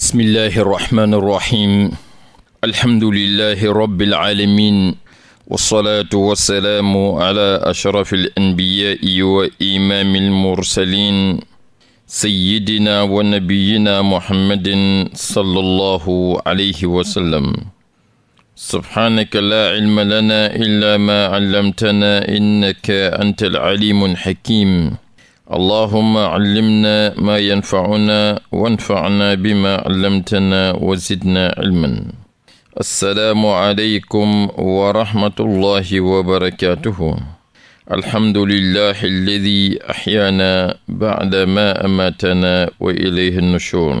bismillahi irrahmani irrahim alhamdulilahi rabiilalamin walsalaatu wassalaamu ala ashrafi alanbiyaai wa imaami almursalin sayidina wa nabiyina muhammadin sallallahu alayhi wa sallam subhaanaka laa cilma lana illa ma callamtana innaka anta alcalimu alxakim allahuma callimna maa yanfacunaa wanfacnaa bimaa callamtanaa wa zidnaa cilman assalaamu aleykum wa rahmatullahi wa barakaatuhu alhamdulillahi alladi axyaanaa bacda maa amaatanaa wa ilayhi nushuur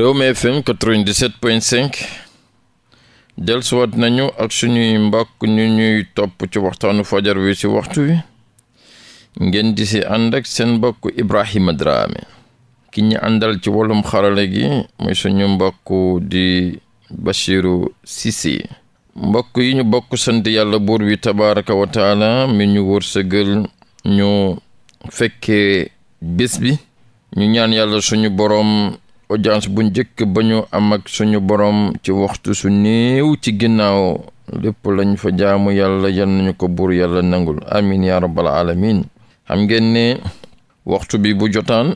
Rewmi FM 97.5 dellusiwaat nañu ak suñuy mbokk ñu ñuy topp ci waxtaanu fajar wi ci waxtu wi ngeen di si ànd seen mbokk Ibrahima Dramé ki ñu àndal ci wàllum xarala gi muy suñu mbokk di Bachiru Sisi mbokk yi ñu bokk sant yàlla buur bi tabaraka wa mi ñu wërsëgal ñu fekkee bés bi ñu ñaan yàlla suñu borom audience bu njëkk ba ñu am ak suñu borom ci waxtu su néew ci ginnaaw lépp lañ fa jaamu yàlla yal nañu ko buur yàlla nangul amin ya rabbal alamin xam ngeen ne waxtu bi bu jotaan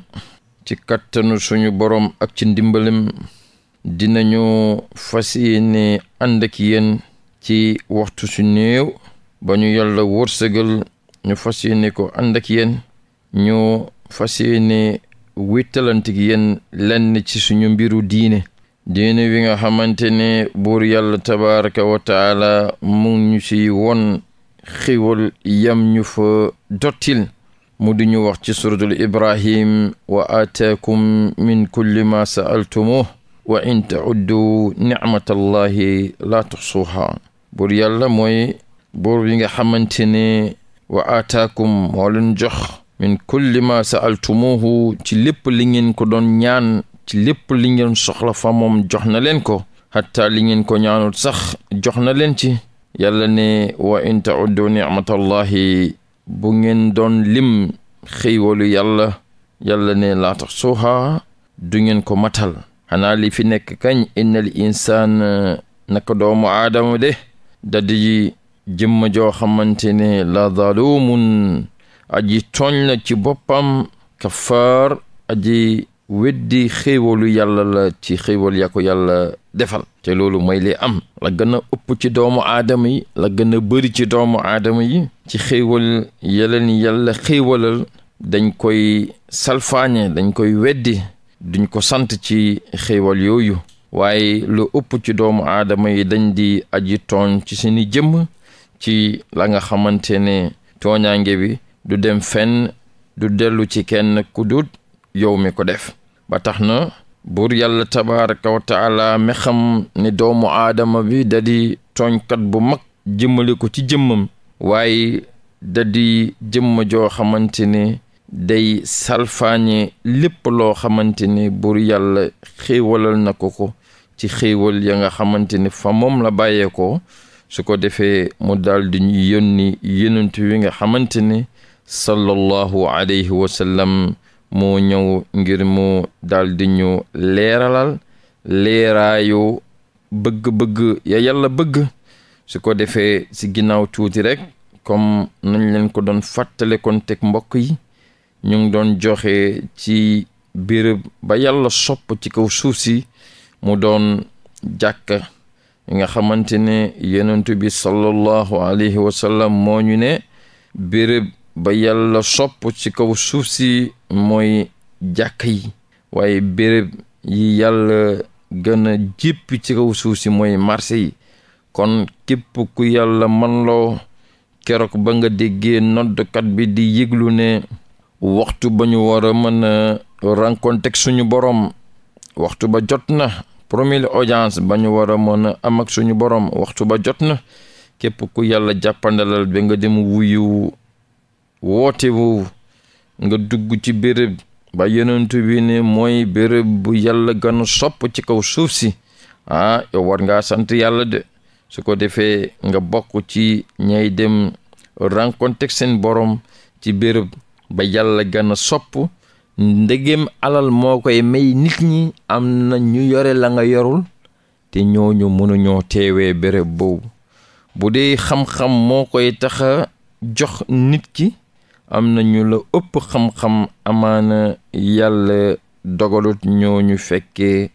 ci kattanu suñu borom ak ci ndimbalam dinañu fas yéene ànd ak ci waxtu su néew ba ñu yàlla wërsëgal ñu fas yéene ko ànd ak yéen ñu fas yéene wéttalant ak lenn ci suñu mbiru diine diine wi nga xamante ne buur yàlla tabaraka wa taala ñu ci won xiwal yam ñu fa dottil mu di ñu wax ci suratul ibrahim wa aataakum min kulli ma saaltumuh wa in tauddu nicmatallahi laa tuxsuha buur yàlla mooy buur bi nga xamante ni wa aataakum moo leen min kulli ma saaltumuhu ci lépp li ngeen ko doon ñaan ci lépp li ngeen soxla fa moom jox na leen ko hatta li ngeen ko ñaanul sax jox na leen ci yàlla ne wa in tauddu nicmatallahi bu ngeen doon lim xéewalu yàlla yàlla ne laa tax du ngeen ko matal xanaa li fi nekk kañ innal insaan naka doomu aadama de dadi ji joo xamante ne la zalumun aji tooñ la ci boppam kafaar aji weddi xéewalu yàlla ci xéewal ya yàlla defal te loolu mooy li am la a ëpp ci doomu aadama yi la gën a bëri ci doomu aadama yi ci xéewal yeleen yàlla xéewalal dañ koy salfaañe dañ koy weddi duñ ko sant ci xéewal yooyu waaye lu ëpp ci doomu aadama yi dañ di aji tooñ ci seeni jëmm ci la nga xamante ne tooñaange wi du dem fenn du dellu ci kenn ku dut yow mi ko def ba tax na buur yàlla tabaraka wa taala mi xam ne doomu aadama bi da di tooñkat bu mag jëmmale ko ci jëmmam waaye da di jëmm joo xamante ne day salfaañe lépp loo xamante ne buur yàlla xéewalal na ko ko ci xéewal ya nga xamante ne fa moom la bàyyeeko su ko defee mu daal di ñu yónni yonent wi nga xamante ne sallallahu alayhi wa moo ñëw ngir mu daldi ñu leeralal leeraayu bëgg-bëgg ya yàlla bëgg su ko defee si ginnaaw tuuti rek comme nañ leen ko doon fàttale kon teg mbokk yi ñu ngi doon joxe ci béréb ba yàlla sopp ci kaw suuf si mu doon jàkka nga xamante ne yonent bi sallallahu alayhi wa moo ñu ne béréb ba yàlla sopp ci kaw suuf si mooy jàkk yi waaye béréb yi yàlla gën a jéppi ci kaw suuf si mooy marché yi kon képp ku yàlla man loo keroog ba nga déggee noddkat bi di yëglu ne waxtu ba ñu war mën a rencontre suñu borom waxtu ba jot na premier audience ba ñu war a mën a am ak suñu borom waxtu ba jot na képp ku yàlla jàppandalal ba nga dem wuyu woote woowu nga dugg ci béréb ba yonent bi mooy béréb bu yàlla ganu sopp ci kaw suuf si ah yow war nga sant yàlla de su ko defee nga bokk ci ñay dem rencontre seen borom ci béréb ba yàlla gana sopp ndegem alal moo koy may nit ñi am na ñu yore la nga yorul te ñooñu mënuñoo teewee béréb boobu bu dee xam-xam moo koy taxa jox nit ki am na ñu la ëpp xam-xam amaana yàlla dogalut ñoo ñu fekkee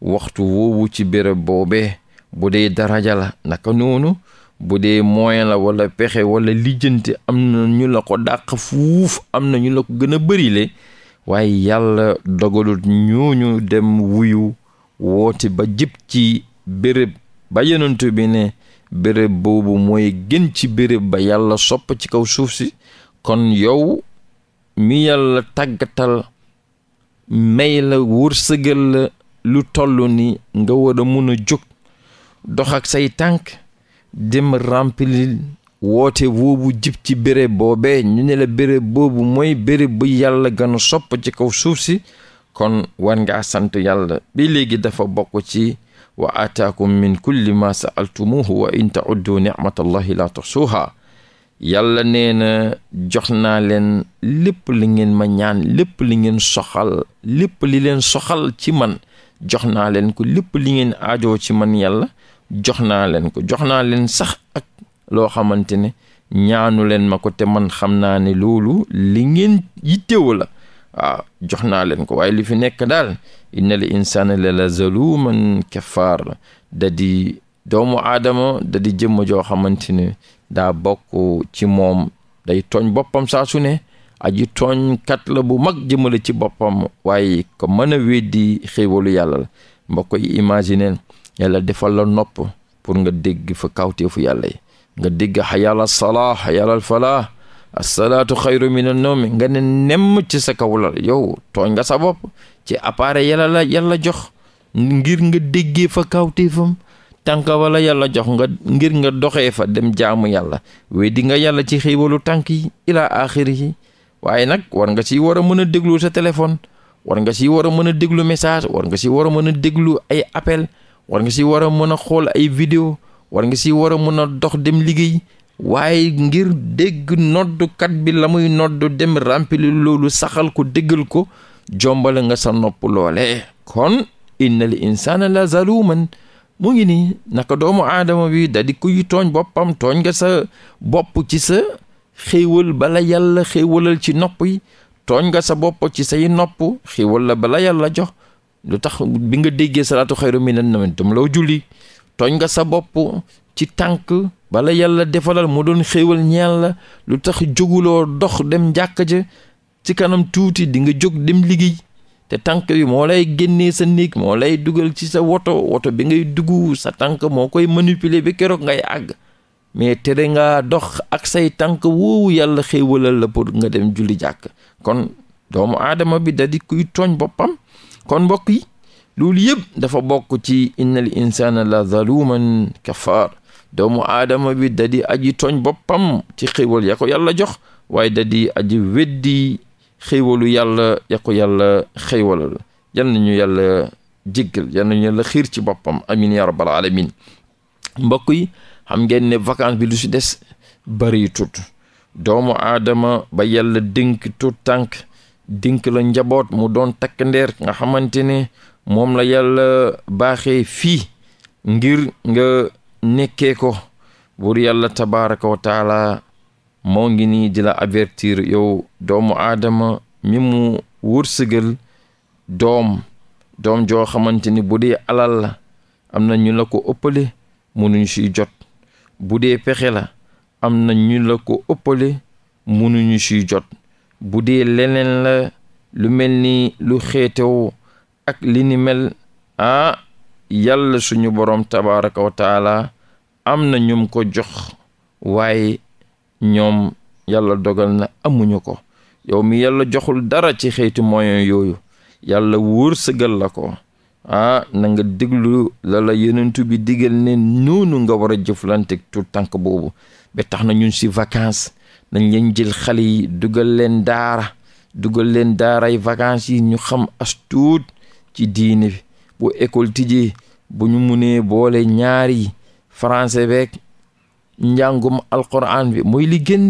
waxtu woowu ci béréb boobe bu dee daraja la naka noonu bu dee moyen la wala pexe wala lijjanti am na ñu la ko dàq fuuf am na ñu la ko gën a bërile waaye yàlla dogalut ñooñu dem wuyu woote ba jëp ci béréb ba yonent bi ne béréb boobu mooy gën ci béréb ba yàlla sopp ci kaw suuf si kon yow mi yàlla tàggatal may la wërsëgal la lu toll ni nga war a mun a jóg dox say tànk dem remplir woote boobu jib ci béréb boobee ñu ne la béréb boobu mooy béréb bu yàlla gën a sopp ci kaw suuf si kon war nga sant yàlla bi léegi dafa bokk ci wa ataakum min kulli ma sa'altumuhu wa in ta'uddu ni'matallahi la tuhsuha yàlla neena na jox naa leen lépp li ngeen ma ñaan lépp li ngeen soxal lépp li leen soxal ci man jox naa leen ko lépp li ngeen aajoo ci man yàlla jox naa leen ko jox naa leen sax ak loo xamante ne ñaanu leen ma ko te man xam naa ne loolu li ngeen yittewu la waaw jox naa leen ko waaye li fi nekk daal inna al insana la la zaluman kafaar da doomu aadama da di jëmm joo xamante ne daa bokk ci moom day tooñ boppam saa su ne aji kat la bu mag jëmale ci boppam waaye ko mën a weddi xéewalu yàlla la mbokk yi imaginer yàlla defal la nopp pour nga dégg fa kawteefu yàlla yi nga dégg xayal salaa xayal falaa asalaatu xayru min annawmi nga ne nemm ci sa kaw la yow tooñ nga sa bopp ci appareil yàlla la yàlla jox ngir nga déggee fa kawteefam tànk wala yàlla jox nga ngir nga doxee fa dem jaamu yàlla weddi nga yàlla ci xéewalu tànk yi ilaa axiri yi waaye nag war nga ci war a mën a déglu sa téléphone war nga ci war a mën a déglu message war nga si war a mën a déglu ay appel war nga si war a mën a xool ay vidéo war nga ci war a mën a dox dem liggéey waaye ngir dégg noddukat bi la muy noddu dem rempli loolu saxal ko déggal ko jombale nga sa nopp loole kon innal insaana la zaluman mu ngi nii naka doomu aadama bi da di kuy tooñ boppam tooñ nga sa bopp ci sa xéewal bala yàlla xéewalal ci nopp yi tooñ nga sa bopp ci say nopp xéewal la bala yàlla jox lu tax bi nga déggee salaatu xayru minan nawm tam law julli tooñ nga sa bopp ci tànk bala yàlla defalal mu doon xéewal ñeen la lu tax jóguloo dox dem jàkka ja ci kanam tuuti di nga jóg dem liggéey te tànk bi moo lay génne sa néeg moo lay dugal ci sa woto woto bi ngay dugg sa tànk moo koy manipuler bi keroog ngay àgg mais tere nga dox ak say tànk woowu yàlla xéewalal la pour nga dem julli jàkk kon doomu aadama bi dadi kuy tooñ boppam kon mbokk yi loolu yëpp dafa bokk ci innal insana la zaluman kafar doomu aadama bi da di aji tooñ boppam ci xéewal ya ko yàlla jox waaye da di aji weddi xëywalu yàlla ya ko yàlla xëywalal yal nañu yàlla jéggal yal nañu yàlla xiir ci boppam amin ya rabbal alamin mbokk yi xam ngeen ne vacance bi lu si des bari tut doomu aadama ba yàlla dink tut dink la njaboot mu doon takk ndeer nga xamante ne moom la yàlla baaxee fii ngir nga nekkee ko buur yàlla tabaraka wa moo ngi nii di la avertir yow doomu aadama mi mu wërsëgal doom doom joo xamante ni bu dee alal la am na ñu la ko ëppale munuñ siy jot bu dee pexe la am na ñu la ko ëppale munuñu siy jot bu dee leneen la lu mel ni lu xeetew ak li ni mel ah yàlla suñu borom tabaraka wa am na ñum ko jox waaye ñoom yàlla dogal na amuñu ko yow mi yàlla joxul dara ci xeetu moyen yooyu yàlla wërsëgal la ko ah na nga déglu la la bi digal ne noonu nga war a jëflante tout tànk boobu ba tax na ñun si vacances na leen jël xale yi dugal leen daara dugal leen daaray vacances yi ñu xam as tuut ci diine bi bu école tijjee bu ñu munee boole ñaari français beeg njàngum alquran bi muy li gën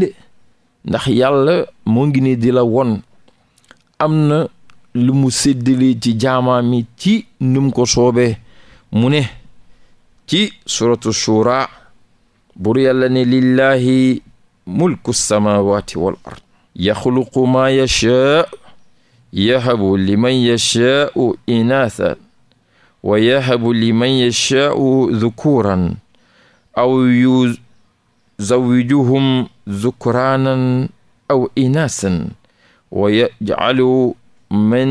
ndax yàlla moo ngi ne di la won am na lu mu séddale ci jaamaam mi ci num ko soobee mu ne ci suratu shura bur yàlla ne lillahi mulku samawati wal ard yaxluqu maa yashaa yahabu liman yashaau inaathan wa yahabu liman yashaau dhukuran aw zawwijuhum zukraanan aw inaasan wa yajcalu man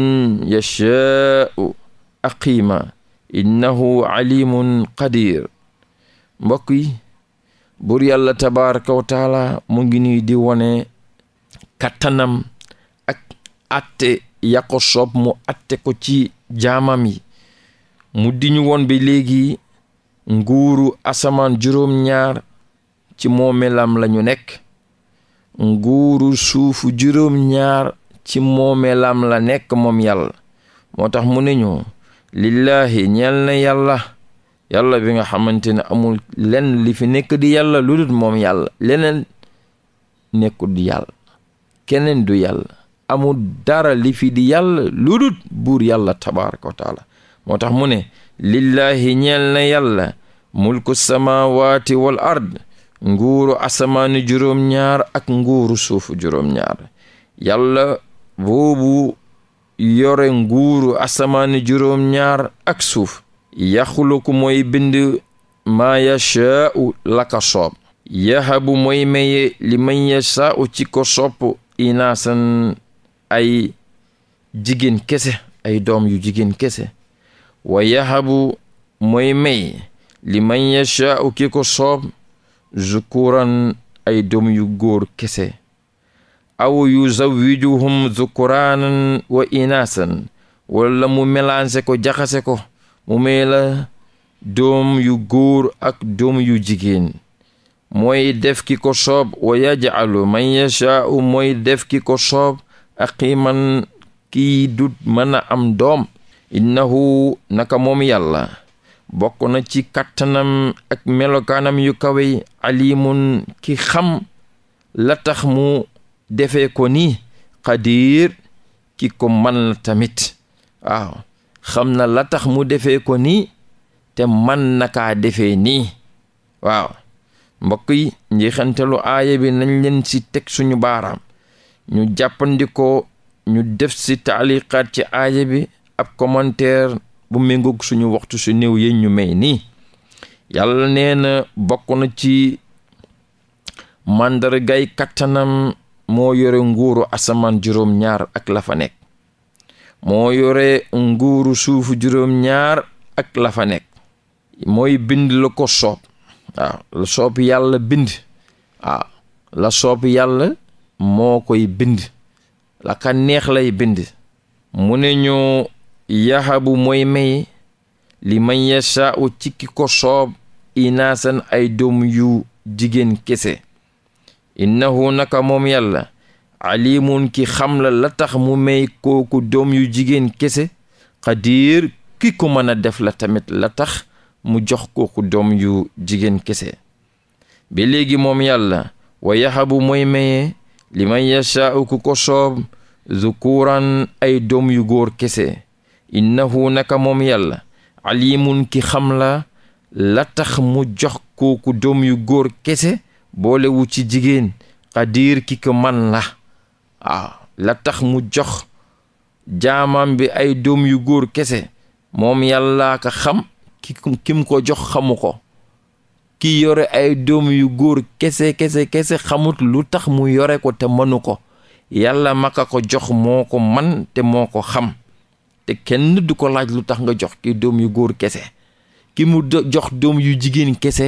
yashaau aqiima innahu alimun qadir mbokk yi buur yàlla tabaraka wa mu ngi di wone kattanam ak atte ya mu atte ko ci jaamam yi mu di ñu woon bi léegi nguuru asamaan juróom-ñaar ci la ñu nekk nguuru suufu juróom-ñaar ci moomeelam la nekk moom yàlla moo tax mu ne ñu lillaahi ñeel na yàlla yàlla bi nga xamante ne amul lenn li fi nekk di yàlla lu moom yàlla leneen nekkul di yàlla keneen du yàlla amul dara li fi di yàlla lu buur yàlla tabaraka wa moo tax mu ne lillaahi ñeel na yàlla mulku samaawaati wal ard nguuru asamaani juróom-ñaar ak nguuru suufu juróom-ñaar yàlla boobu yore nguuru asamaani juróom-ñaar ak suuf yaxuluku moy bind maa yashaa'u la li man yashaa'u ci ko sopp inaasan ay jigéen kese ay doom yu jigéen kese wa yahabu mooy may li man yashaa'u ki ko soob zukuran ay doom yu góor kese aw yu yuzawijuhum zukuranan wa inasan wala mu mélange ko jaxase ko mu may la doom yu góor ak doom yu jigéen mooy defki ko soob wa yajcalu man yashaau mooy def ki ko soob aqiman kii dut mën a am doom innahu naka moom yàlla bokk na ci kattanam ak melokaanam yu kawe yi alimun ki xam la tax mu defee ko nii xadir ki ko man la tamit waaw xam na la tax mu defee ko nii te man nakaa defee nii waaw mbokk yi njeexantalu aaya bi nañ leen ci teg suñu baaraam ñu jàppandikoo ñu def ci taaliqaat ci aaya bi ab commentaire bu méngoog suñu waxtu su néew yi ñu may nii yàlla nee na bokk na ci màndargay kattanam moo yore nguuru asamaan juróom-ñaar ak la fa nekk mooy bind la ko soob waaw la soob yàlla bind la soob yàlla moo koy bind la ka neex lay bind mu ne ñoo yahabu mooy may li man yashaa'u ci ki ko soob inaasan ay doom yu jigéen kese innahu naka moom yàlla alimun ki xam la la tax mu may kooku doom yu jigéen kese diir ki ko mën a def la tamit la tax mu jox kooku doom yu jigéen kese ba léegi moom yàlla wa yahabu mooy maye liman yashaa'u ku ko soob zukuran ay doom yu góor kese innahu naka moom yàlla alimun ki xam la la tax mu jox kooku doom yu góor kese boolewu ci jigéen xadir ki ko man la waaw la tax mu jox jaamam bi ay doom yu góor kese moom yàlla ko xam ki kim ko jox xamu ko ki yore ay doom yu góor kese kese kese xamut lu tax mu yore ko te mënu ko yàlla maka ko jox moo ko man te moo ko xam te kenn du ko laaj lu tax nga jox ki doom yu góor kese ki mu jox doom yu jigéen kese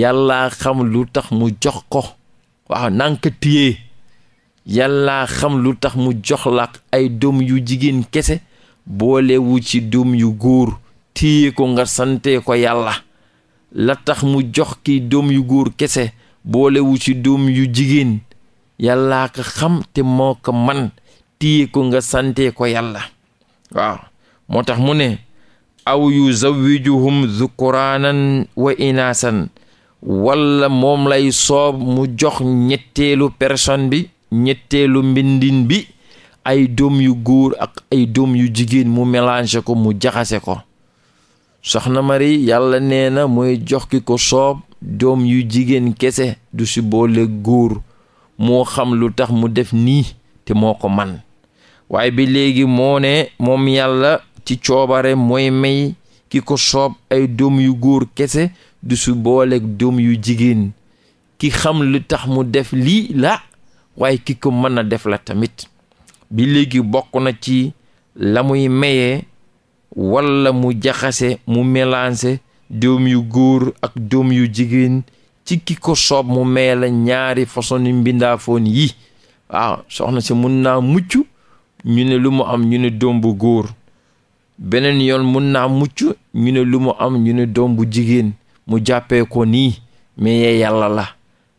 yàllaa xam lu tax mu jox ko waaw nanka téyee yàllaa xam lu tax mu jox la ay doom yu jigéen kese boolewu ci doom yu góor téye ko nga sante ko yàlla la tax mu jox ki doom yu góor kese boolewu ci doom yu jigéen yàllaa ko xam te moo ko man tiye ko nga sante ko yàlla waaw moo tax mu ne aw yuzawijuhum zukuraanan wa inaasan walla moom lay soob mu jox ñetteelu personne bi ñetteelu mbindin bi ay doom yu góor ak ay doom yu jigéen mu mélange ko mu jaxase ko soxna Mari yàlla nee na mooy jox ki ko soob doom yu jigéen kese du si boole góor moo xam lu tax mu def nii te moo ko man waaye bi léegi moone moom yàlla ci coobare mooy may ki ko soob ay doom yu góor kese du su booleeg doom yu jigéen ki xam lu tax mu def lii la waaye ki ko mën a def la tamit bi léegi bokk na ci la muy mayee walla mu jaxase mu mélange doom yu góor ak doom yu jigéen ci ki ko soob mu maye la ñaari façon mbindaafoon yi waaw soxna si mun naa mucc ñu ne lu mu am ñu ne doom bu góor beneen yoon mun naa mucc ñu ne lu mu am ñu ne doom bu jigéen mu jàppee ko nii mais yàlla la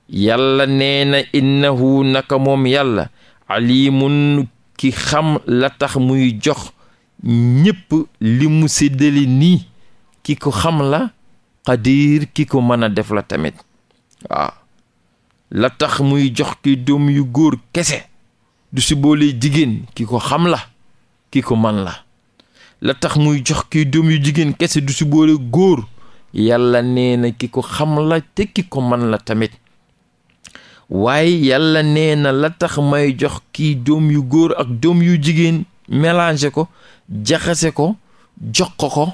yàlla nee na innahu naka moom yàlla alimun ki xam la tax muy jox ñépp li mu séddale nii ki ko xam la xadir ki ko mën a def la tamit waaw la tax muy jox ki doom yu góor kese du si boolee jigéen ki ko xam la ki ko man la la tax muy jox kii doom yu jigéen kese du si boole góor yàlla nee na ki ko xam la te ki ko man la tamit waaye yàlla nee na la tax may jox kii doom yu góor ak doom yu jigéen mélanger ko jaxase ko jox ko ko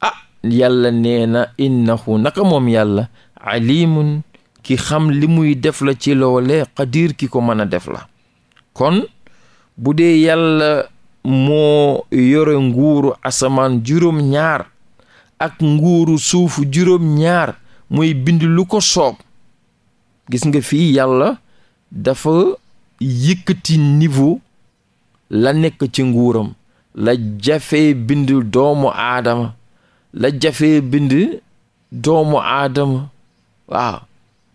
ah yàlla nee na innahu naka moom yàlla alimun ki xam li muy def la ci loole qadir ki ko mën a def la kon bu dee yàlla moo yore nguuru asamaan juróom-ñaar ak nguuru suufu juróom-ñaar muy bind lu ko soob gis nga fii yàlla dafa yëkkati niveau la nekk ci nguuram la jafee bind doomu aadama la jafee bind doomu aadama waaw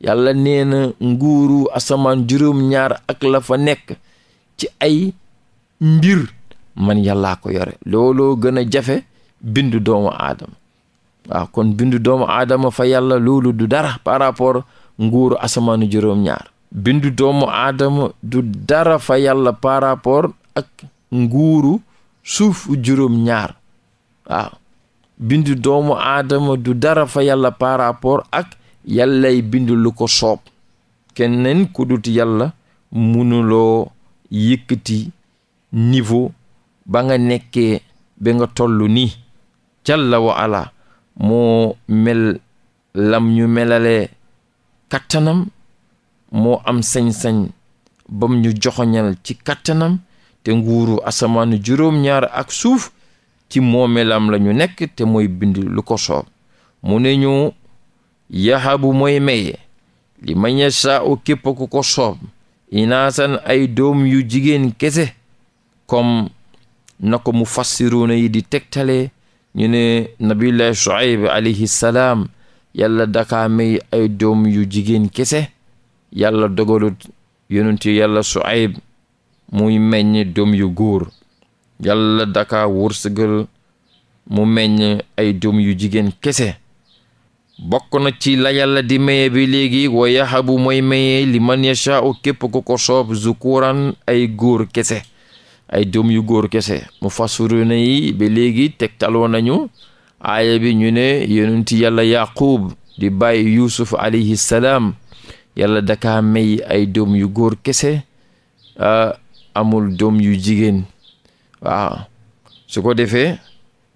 yàlla nee na nguuru asamaan juróom-ñaar ak la fa nekk ci ay mbir man yàllaa ko yore looloo gën a jafe bindu doomu aadama waaw kon bindu doomu aadama fa yàlla loolu du dara par rapport nguuru asamaanu juróom-ñaar bindu doomu aadama du dara fa yàlla par ak nguuru suufu juróom-ñaar bindu doomu aadama du dara fa yàlla par rapport ak yàllay bindu lu ko soob keneen ku dut munuloo yëkkati niveau ba nga nekkee ba nga tollu ni jalla wa ala moo mel lam ñu melalee kattanam moo am sañ-sañ bam ñu joxoñal ci kattanam te nguuru asamaanu juróom-ñaar ak suuf ci moomelam la ñu nekk te mooy bind lu ko soob mu ne ñu yahabu mooy maye li man yashaa'u képp ku ko soob inaasan ay doom yu jigéen kese kom na ko mu fassiruuna yi di tegtale ñu ne nabillahi shuaib alayhi salaam yàlla dakaa ay doom yu jigéen kese yàlla dogalut yonentu yàlla shuaib muy meññ doom yu góor yàlla daka wërsëgal mu meññ ay doom yu jigéen kese bokk na ci la yàlla di maye bi léegi wa yahabu mooy maye li man yashaa'u képp ku ko soob zukuran ay góor kese ay doom yu góor kese mu fasiruna yi bi léegi tegtaloo nañu aaya bi ñu ne yonenti yàlla yaqub di bàyyi yusuf alayhi salaam yàlla dakaa may ay doom yu góor kese ah, amul doom yu jigéen waaw su ko defee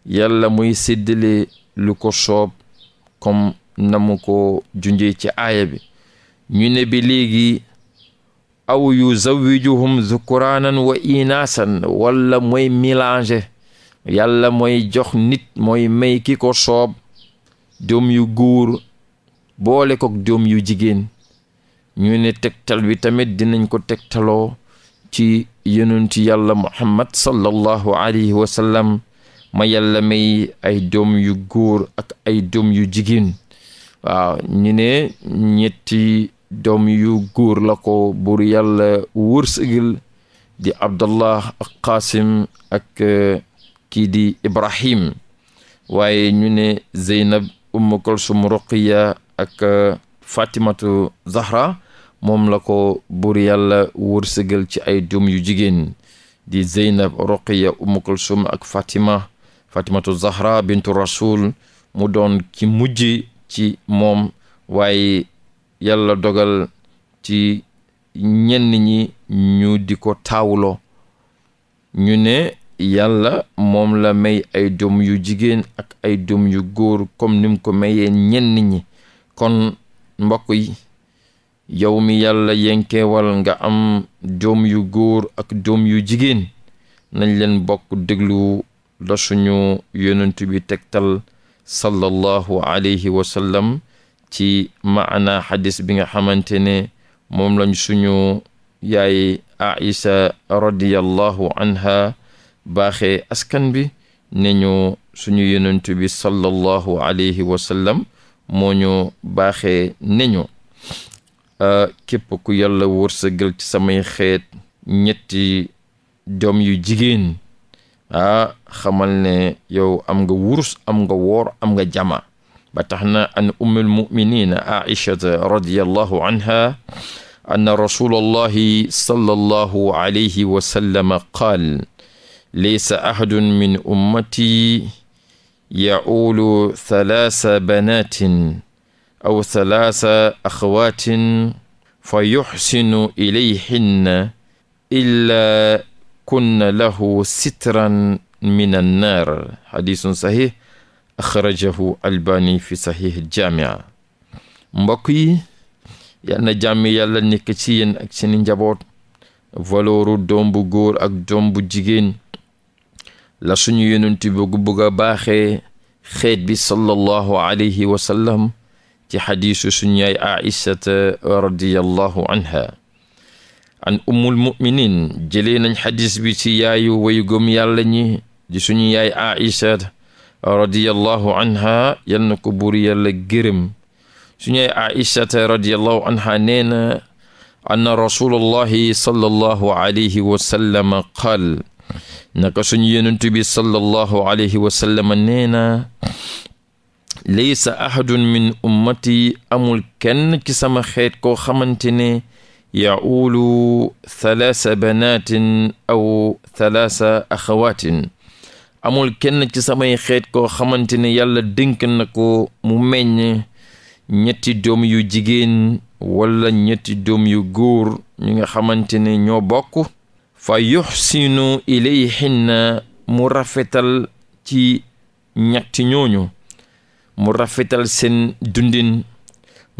yàlla muy séddale lu ko soob comme namu ko junjee ci aaya bi ñu ne bi léegi aw yuzawijuhum zukuraanan wa inaasan walla moy mélanger yàlla moy jox nit mooy may ki ko soob doom yu góor boole ko doom yu jigéen ñu ne tegtal bi tamit dinañ ko tegtaloo ci yonent yàlla muhammad sallallahu alayhi wa ma yàlla may ay doom yu góor ak ay doom yu jigéen waaw ñu ne ñetti doom yu góor la ko buur yàlla wërsëgal di abdallah ak qasim ak eh, kii di ibrahim waaye ñu ne zeynab umm kulsum ruqiya ak eh, fatimatu zahra moom la ko buur yàlla wërsëgal ci ay doom yu jigéen di zeynab ruqiya umm kulsum ak fatima fatimatu zahra bintu rasul mu doon ki mujj ci moom waaye yàlla dogal ci ñenn ñi ñu di ko taawuloo ñu ne yàlla moom la may ay doom yu jigéen ak ay doom yu góor comme nim ko mayee ñenn ñi kon mbokk yi yow mi yàlla yenkeewal nga am doom yu góor ak doom yu jigéen nañ leen bokk déglu la suñu yonent bi tegtal sallallahu alayhi wa ci maana xadis bi nga xamante ne moom lañu suñu yaay Aïsa radiyallahu anha baaxe askan bi ne suñu yonent bi sallallahu alayhi wa mooñu moo ñu baaxee ne ñu euh, képp ku yàlla wërsëgal ci samay xeet ñetti doom yu jigéen ah xamal ne yow am nga wurus am nga woor am nga jama ba tax na an ummul muminina aishata anha anna rasulallahi sallallahu alayhi wa sallam qaal laysa ahadun min ummati yaulu thalaasa aw thalaasa axawaatin fa yuxsinu ilayhinna illa kunna lahu sitran min annaar hadisun sahih axrajahu albani fi sahih jamia mbokk yi yal na jàmmi yàlla nekk ci ak seeni njaboot valooru doom bu góor ak doom bu jigéen la suñu yonent bu bëgg a baaxee xeet bi sallallahu alayhi wa sallam ci xadiisu suñu yaay aïsata radiyallahu anha an ummul muminin jëlee nañ xadis bi ci yaayu wayu gëm yàlla ñi di suñu yaay aisha radiallahu anha yal na ko buur yàlla gërëm suñu yaay aishata radiallahu anha nee na anna rasulullahi sallallahu alayhi wa sallam qaal naka suñu yonent bi sallallahu min ummati amul kenn ci sama xeet koo xamante ne yaulu thalasa banatin aw thalasa axawaatin amul kenn ci samay xeet koo xamante ne yàlla dénk na ko mu meññ ñetti doom yu jigéen walla ñetti doom yu góor ñu nga xamante ne ñoo bokk fa yuxsinu ilayhinna mu rafetal ci ñetti ñooñu mu rafetal seen dundin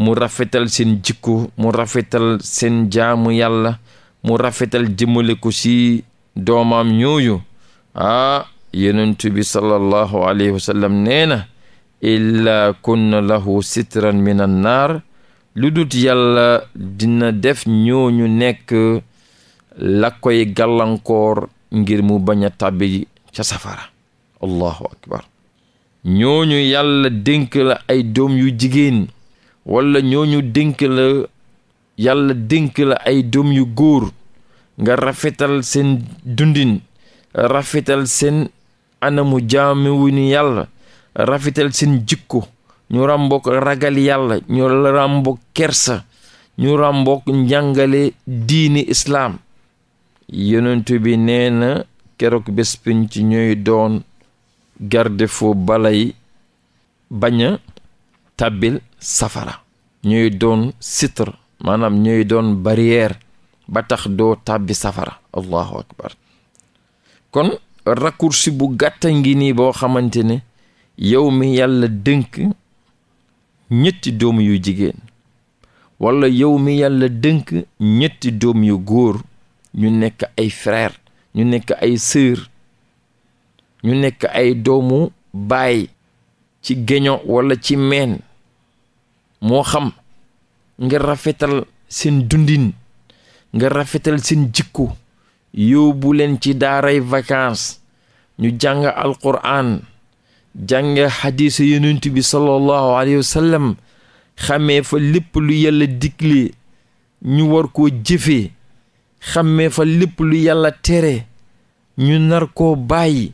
mu rafetal seen jikko mu rafetal seen jaamu yàlla mu rafetal jëmale ko ci doomam ñooyu ah yonent bi sallallahu alayhi wa sallam nee na illaa kunna lahu sitran min an naar lu dut yàlla dina def ñooñu nekk lakkoy koy gàllankoor ngir mu bañ a tàbbi ca safara allahu akbar ñooñu yàlla dénk ay doom yu jigéen wala ñooñu dénk la yàlla dénk la ay doom yu góor nga rafetal seen dundin rafetal seen anamu jaamewu ni yàlla rafetal seen jikko ñu ràmbook ragal yàlla ñu ràmbook kersa ñu ràmbook njàngale diini islaam yonent bi nee na keroog bés ci ñooy doon garde foo balay baña tàbbil safara ñuy doon sitr maanaam ñooy doon barrière ba tax doo tàbbi safara allahu akbar kon raccourci bu gàtta ngi nii boo xamante ne yow mi yàlla dënk ñetti doom yu jigéen walla yow mi yàlla dënk ñetti doom yu góor ñu nekk ay frère ñu nekk ay sœur ñu nekk ay doomu baay ci geño walla ci meen moo xam nga rafetal seen dundin nga rafetal seen jikko yóbbu leen ci daaray vacances ñu jàng alquran jàng xadiisa yonent bi sallallahu alayhi wa xamee fa lépp lu yàlla digle ñu war ko jëfee xamee fa lépp lu yàlla tere ñu nar ko bàyyi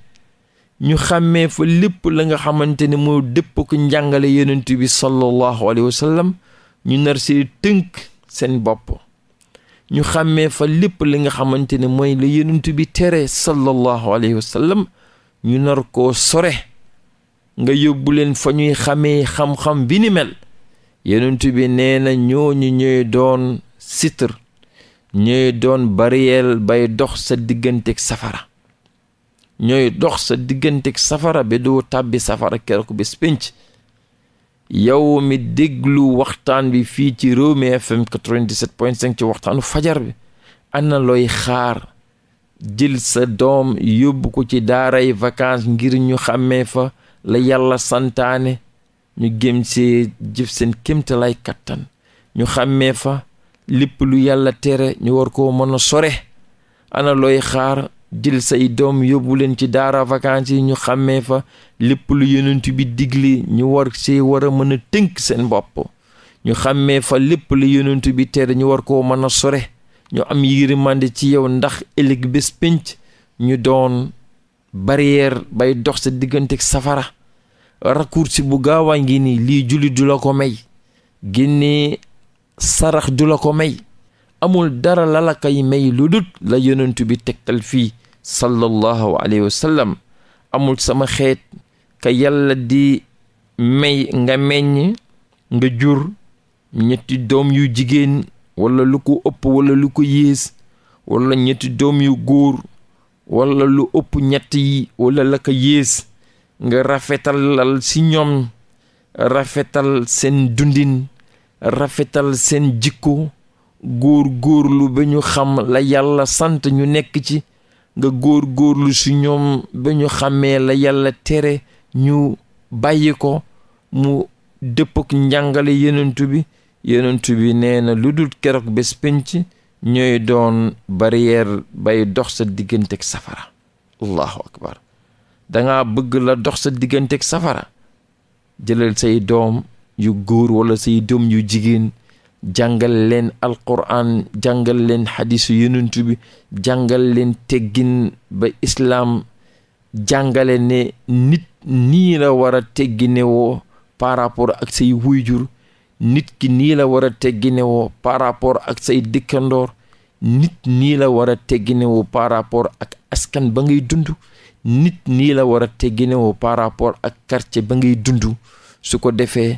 ñu xàmmee fa lépp la nga xamante ni moo dëpp ko njàngale yonent bi sallallahu alayhi wa sallam ñu nar see tënk seen bopp ñu xàmmee fa lépp li nga xamante ne mooy la yonent bi tere sallallahu alayhi wa sallam ñu nar koo sore nga yóbbu leen fa ñuy xamee xam-xam bi ni mel yonent bi nee na ñoo ñu ñooy doon sitre ñooy doon bariyeel bay dox sa digganteeg safara ñooy dox sa digganteeg safara be doo tàbbi safara keroog bés pénc yow mi déglu waxtaan bi fii ci Rewmi FM 97.5 ci waxtaanu fajar bi ana looy xaar jël sa doom yóbbu ko ci daaray vacances ngir ñu xàmmee fa la yàlla santaane ñu gém see jëf seen kémtalay kattan ñu xàmmee fa lépp lu yàlla tere ñu war ko mën sore ana xaar jël say doom yóbbu leen ci daara vacances ñu xàmmee fa lépp lu yonent bi digle ñu war see war a mën a tënk seen bopp ñu xàmmee fa lépp lu yonent bi tere ñu war koo mën a sore ñu am yërmande ci yow ndax ëllëg bés pénc ñu doon barrière bay dox sa digganteeg safara raccourci bu gaawaa ngi nii lii julli du la ko may génnee sarax du la ko may amul dara lala yi may lu dut la yonent bi tegtal fii sallallahu alayhi wa amul sama xeet ka yàlla di may nga meññ nga jur ñetti doom yu jigéen walla lu ko ëpp walla lu ko yées wala ñetti doom yu góor wala lu ëpp ñett yi wala la ko yées nga rafetalal si ñoom rafetal seen dundin rafetal seen jikko góor-góorlu ba ñu xam la yàlla sant ñu nekk ci nga góor-góorlu su ñoom ba ñu xàmmee la yàlla tere ñu bàyyi ko mu dëpp ak njàngale yenentu bi yenentu bi nee na lu dul keroog bés penc ñooy doon barrière bay dox sa diggante ak safara allahu akbar dangaa bëgg la dox sa diggante ak safara jëlal say doom yu góor walla say doom yu jigéen jàngal leen alquran jàngal leen xadisu yonent bi jàngal leen teggin ba islaam jàngale ne nit nii la war a teggine woo par rapport ak say wuyjur nit ki nii la war a teggine woo par rapport ak say dëkkandoor nit nii la war a teggine woo par rapport ak askan ba ngay dund nit nii la war a teggine woo par rapport ak quartier ba ngay dund su ko defee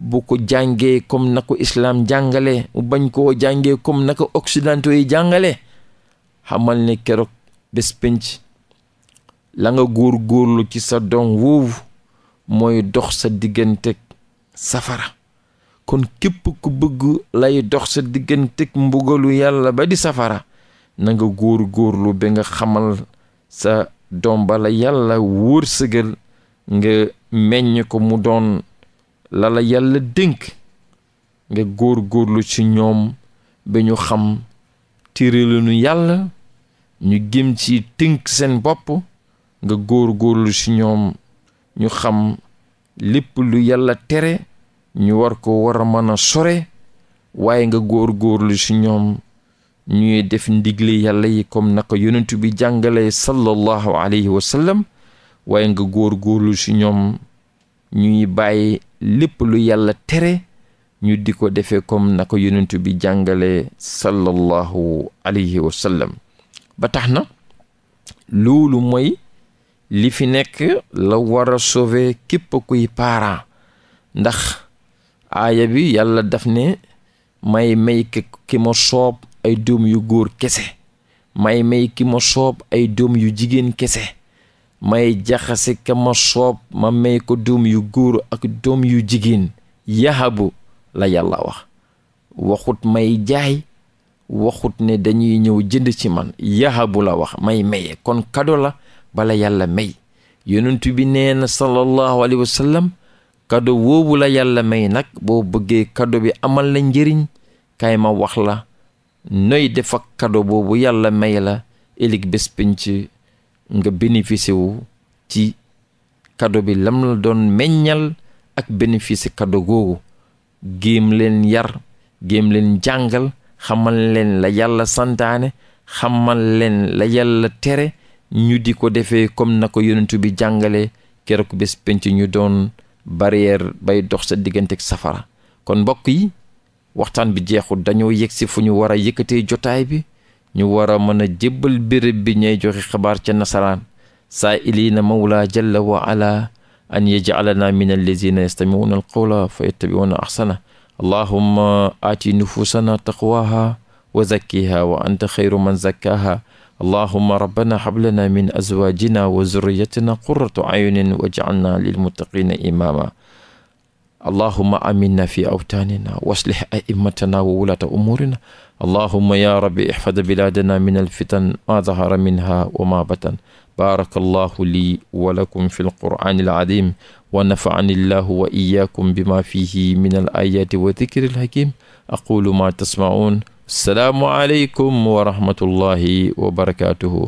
bu ko jàngee comme na ko islaam jàngale mu bañ koo jàngee comme na ko occidentaux jàngale xamal ne keroog bés pénc la nga góor góorlu ci sa doom woowu mooy dox sa digganteg safara kon képp ku bëgg lay dox sa digganteg mbugalu yàlla ba di safara na nga góor góorlu ba nga xamal sa doom bala yàlla wërsëgal nga meññ ko mu doon la la yàlla dënk nga góor góorlu ci ñoom ba ñu xam téerelu yàlla ñu gém ci tënk seen bopp nga góor góorlu ci ñoom ñu xam lépp lu yàlla tere ñu war ko war a mëna sore waaye nga góor góorlu ci ñoom ñuy def ndigle yàlla yi comme naka yonent bi jàngale sallallahu alayhi waaye nga góor góorlu ci ñoom ñuy bàyyi lépp lu yàlla tere ñu di ko defe comme na ko yonent bi jàngale sallallahu alayhi wa sallam ba tax na loolu mooy li fi nekk la war a sauver képp kuy parent ndax aaya bi yàlla daf ne may may ki ma soob ay doom yu góor kese may may ki ma soob ay doom yu jigéen kese may jaxase ka ma soob ma may ko doom yu góor ak doom yu jigéen yahabu la yàlla wax waxut may jaay waxut ne dañuy ñëw jënd ci man yahabu la wax may maye kon kado la bala yàlla may yonent bi nee na sallallahu alayhi wa sallam kado woowu la yàlla may nag boo bëggee kado bi amal la njariñ kaay ma wax la noy def kado boobu yàlla may la ëllëg bés pénc nga bénéficier wu ci cadeau bi lam la doon meññal ak bénéfice cadeau googu géem leen yar géem leen jàngal xamal leen la yàlla santaane xamal leen la yàlla tere ñu di ko defee comme na ko yonentu bi jàngale keroog bés penc ñu doon barrière bay dox sa diggante ak safara kon mbokk yi waxtaan bi jeexul dañoo yegg si fu ñu war a yëkkatee jotaay bi ñu war a mën a jébbal béréb bi ñay joxe xabaar ca nasaraan saa iliina mawla jalla wa ala an yajalana min allazina yastamiuna alqawla fa yattabiuna ahsana allahumma aati nufusana taqwaha wa zakkiha wa anta xayru man zakkaha allahumma rabbana hablana min azwajina wa zurriyatina qurratu ayunin waj'alna lilmuttaqina imama allahuma aminna fi awtaanina w aslih aimatana wa wulata umuurina allahuma ya rabbi ihfad bilaadana min alfitan ma dahara minha wa ma batan baaraka allahu lii wa lakum fi lqur'ani alazim wa nafa'ani allahu wa iyaakum bima fihi min alayaati wa dikri alhakim aqulu ma tasma'un assalaamu aleykum wa rahmatullahi wa barakatuhu